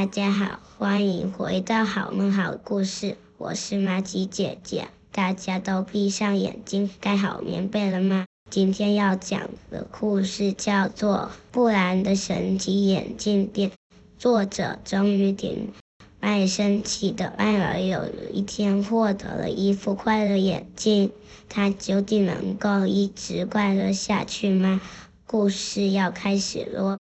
大家好，歡迎回到《好夢好故事》，我是瑪吉姐姐。大家都閉上眼睛，蓋好棉被了嗎？今天要講的故事叫做《布蘭的神奇眼鏡店》。作者鍾育婷。愛生氣的艾爾有一天獲得了一副快樂眼鏡，他究竟能夠一直快樂下去嗎？故事要開始咯。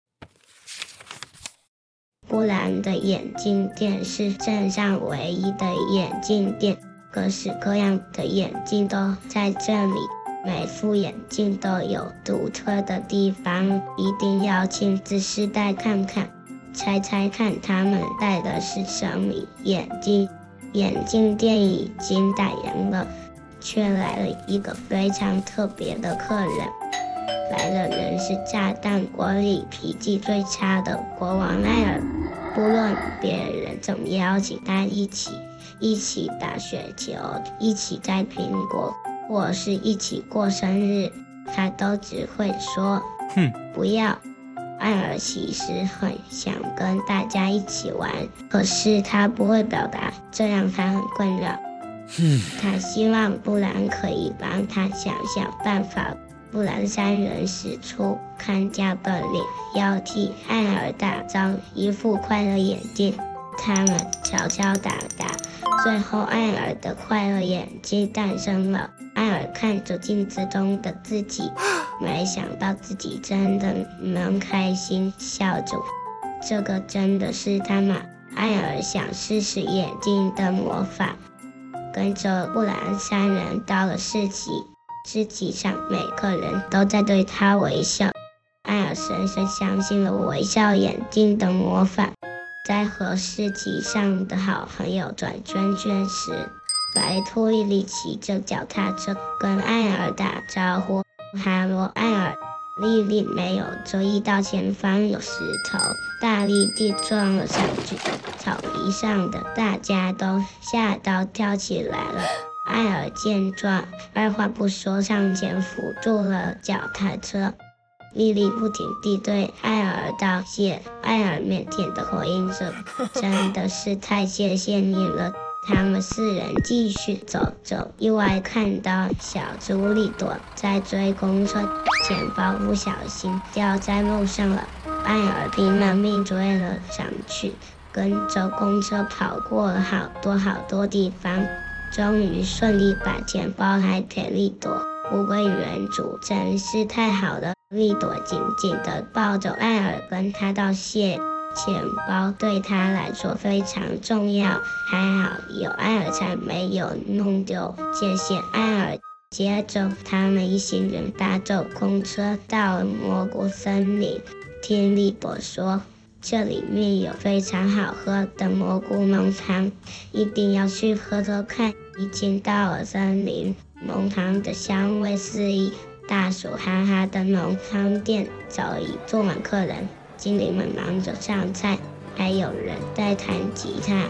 布嵐的眼鏡店是鎮上唯一的眼鏡店，各式各樣的眼鏡都在這裡。每副眼鏡都有獨特的地方，一定要親自試戴看看，猜猜看他們戴的是什麼眼鏡。眼鏡店已經打烊了，卻來了一個非常特別的客人。來的人是炸彈國裡脾氣最差的國王愛爾。不論別人怎麼邀請他一起一起打雪球，一起摘蘋果，或是一起過生日，他都只會說：“哼，不要。嗯”愛爾其實很想跟大家一起玩，可是他不會表達，這讓他很困擾。嗯、他希望布嵐可以幫他想想辦法。布嵐三人使出看家本領，要替艾爾打造一副快樂眼鏡。他們敲敲打打，最後艾爾的快樂眼鏡誕生了。艾爾看着鏡子中的自己，沒想到自己真的能開心笑着。這個真的是他嗎？艾爾想試試眼鏡的魔法，跟着布嵐三人到了市集。世界上，每個人都在對他微笑。艾爾深深相信了微笑眼鏡的魔法。在和世界上的好朋友轉圈圈時，白兔麗麗騎着腳踏車，車跟艾爾打招呼。哈羅，艾爾！麗麗沒有注意到前方有石頭，大力地撞了上去。草皮上的大家都嚇到跳起來了。艾爾見狀，二話不說上前扶住了腳踏車。莉莉不停地對艾爾道謝。艾爾靦腆的回應着：“真的是太謝謝你了。 ”他們四人繼續走走，意外看到小朱莉朵在追公車，錢包不小心掉在路上了。艾爾拼了命追了上去，跟着公車跑過了好多好多地方。終於順利把錢包還給麗朵，物歸原主，真是太好了。麗朵緊緊地抱着艾爾，跟他道謝。錢包對他來說非常重要，還好有艾爾才沒有弄丟。謝謝艾爾。接着，他們一行人搭着空車到了蘑菇森林，聽麗朵說。這裡面有非常好喝的蘑菇濃湯，一定要去喝喝看。已經到了森林，濃湯的香味四溢，大鼠哈哈的濃湯店早已坐滿客人，精靈們忙着上菜，還有人在彈吉他。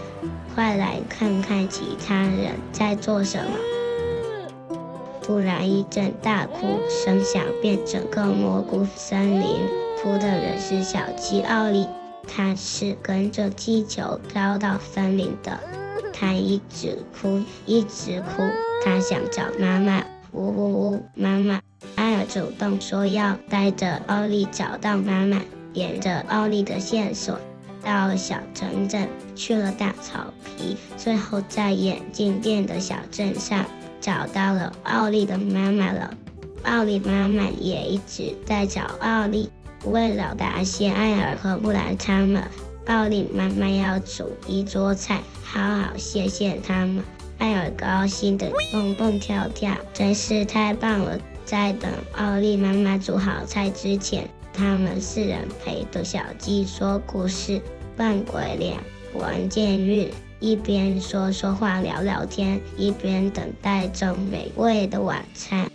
快來看看其他人在做什麼！突然一陣大哭聲響遍整個蘑菇森林。哭的人是小雞奧利，他是跟着氣球飄到森林的，他一直哭，一直哭，他想找媽媽，嗚嗚嗚，媽媽！愛爾主動說要帶着奧利找到媽媽，沿着奧利的線索，到了小城鎮，去了大草皮，最後在眼鏡店的小鎮上找到了奧利的媽媽了。奧利媽媽也一直在找奧利。為了答謝艾爾和布嵐他們，奧利媽媽要煮一桌菜，好好謝謝他們。艾爾高興的蹦蹦跳跳，真是太棒了！在等奧利媽媽煮好菜之前，他們四人陪着小雞說故事、扮鬼臉、玩監獄，一邊說說話、聊聊天，一邊等待着美味的晚餐。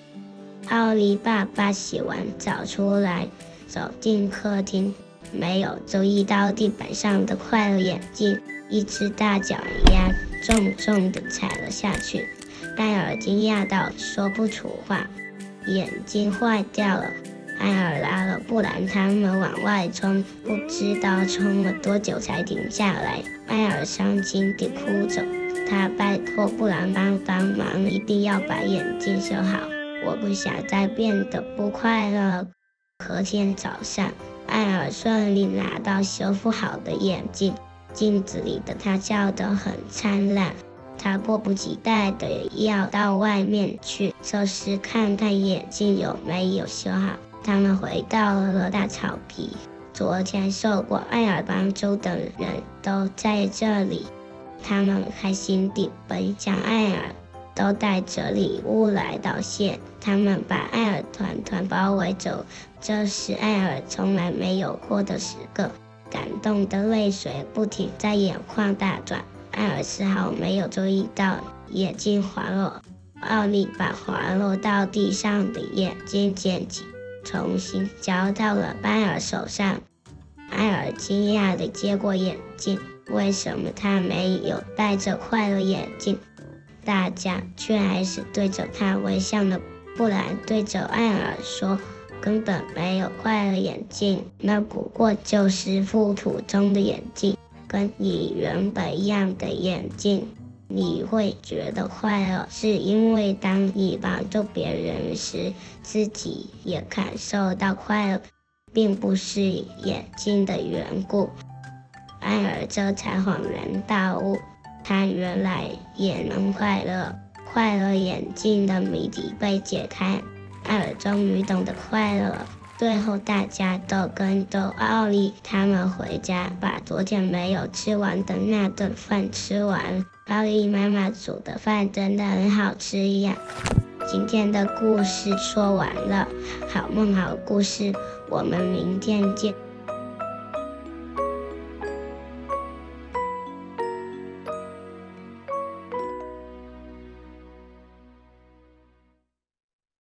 奧利爸爸洗完澡出來。走進客廳，沒有注意到地板上的快樂眼鏡，一只大腳丫壓重重地踩了下去。愛爾驚訝到說不出話，眼鏡壞掉了。愛爾拉了布嵐，他們往外衝，不知道衝了多久才停下來。愛爾傷心地哭着，他拜托布嵐幫幫忙，一定要把眼鏡修好。我不想再變得不快樂。隔天早上，愛爾順利拿到修復好的眼鏡，鏡子裡的他笑得很燦爛。他迫不及待地要到外面去，測試看看眼鏡有沒有修好。他們回到了大草坪，昨天受過愛爾幫助的人都在這裡，他們開心地奔向愛爾。都帶着禮物來道歉，他們把艾爾團團團包圍着，這是艾爾從來沒有過的時刻，感動的淚水不停在眼眶打轉。艾爾絲毫沒有注意到，眼鏡滑落，奧利把滑落到地上的眼鏡撿起，重新交到了班爾手上。艾爾驚訝地接過眼鏡，為什麼他沒有戴着快樂眼鏡？大家卻還是對着他微笑的。布嵐對着愛爾說：“根本沒有快樂眼鏡，那不過就是副普通的眼鏡，跟你原本一樣的眼鏡。你會覺得快樂，是因為當你幫助別人時，自己也感受到快樂，並不是眼鏡的緣故。”愛爾這才恍然大悟。他原來也能快樂，快樂眼鏡的謎底被解開，愛爾終於懂得快樂。最後，大家都跟着奧利他們回家，把昨天沒有吃完的那頓飯吃完。奧利媽媽煮的飯真的很好吃呀！今天的故事說完了，好夢好故事，我們明天見。